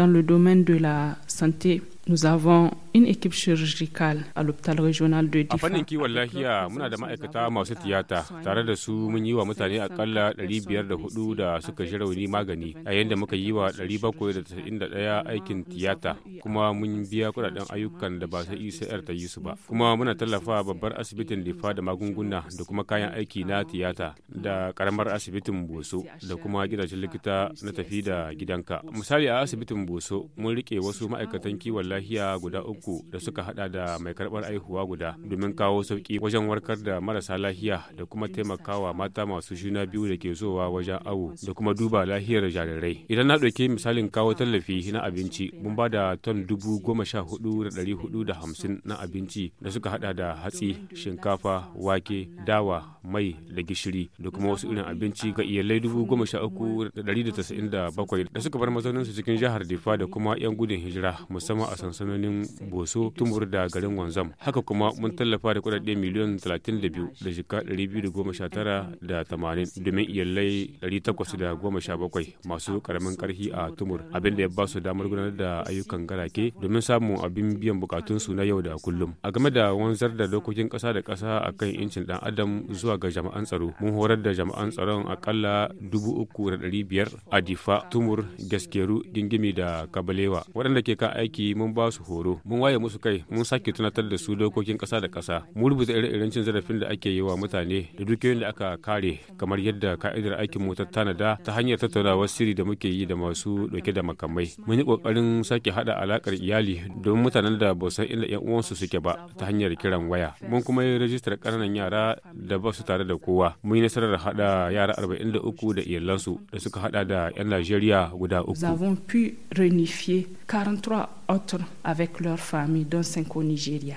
Dans le domaine de la santé, nous avons in équipe chirurgicale a l'hôpital régional de Difa. A fannin kiwon lafiya muna da ma'aikata masu tiyata tare da su mun yi wa mutane akalla 504 da hudu da suka ji rauni magani a yadda muka yi wa 791 aikin tiyata kuma mun biya kudaden ayyukan da ba isa ICR e ta yi su ba. Kuma muna tallafa babbar asibitin Difa da magunguna da kuma kayan aiki na tiyata da karamar asibitin Boso da kuma gidajen likita na tafi da gidanka. Misali a asibitin Boso mun rike wasu ma'aikatan kiwon lafiya guda uku uku da suka hada da mai karbar aihuwa guda domin kawo sauki wajen warkar da marasa lahiya. da kuma taimakawa mata masu juna biyu da ke zowa wajen awo da kuma duba lahiyar jarirai idan na ɗauki misalin kawo tallafi na abinci mun ba da ton dubu goma sha hudu da dari hudu da hamsin na abinci da suka hada da hatsi shinkafa wake dawa mai da gishiri da kuma wasu irin abinci ga iyalai dubu goma sha uku da dari da tasa'in da bakwai da suka bar mazauninsu cikin jihar difa da kuma 'yan gudun hijira musamman a sansanonin boso tumur da garin wanzam haka kuma mun tallafa da kudade miliyan 32 da shika 219 da 80 domin iyalai 817 masu karamin karfi a tumur abin da ya ba su damar gudanar da ayyukan garake domin samun abin biyan su na yau da kullum a game da wanzar da dokokin kasa da kasa akan incin dan adam zuwa ga jama'an tsaro mun horar da jama'an tsaron akalla 3,500 a difa tumur gaskeru dingimi da kabalewa waɗanda ke kan aiki mun ba su horo mun waye musu kai mun sake tunatar da su dokokin ƙasa da kasa mu rubuta ire-iren cin zarafin da ake yi wa mutane da dukiyoyin da aka kare kamar yadda ka'idar aikin mu ta tanada ta hanyar tattaunawa sirri da muke yi da masu ɗauke da makamai mun yi kokarin sake haɗa alakar iyali don mutanen da ba san inda ƴan uwansu suke ba ta hanyar kiran waya mun kuma yi rajistar ƙananan yara da ba su tare da kowa mun yi nasarar haɗa yara 43 da iyalansu da suka haɗa da 'yan Najeriya guda uku. Nous avons pu réunifier 43 autres avec leurs femmes, dont cinq au Nigeria.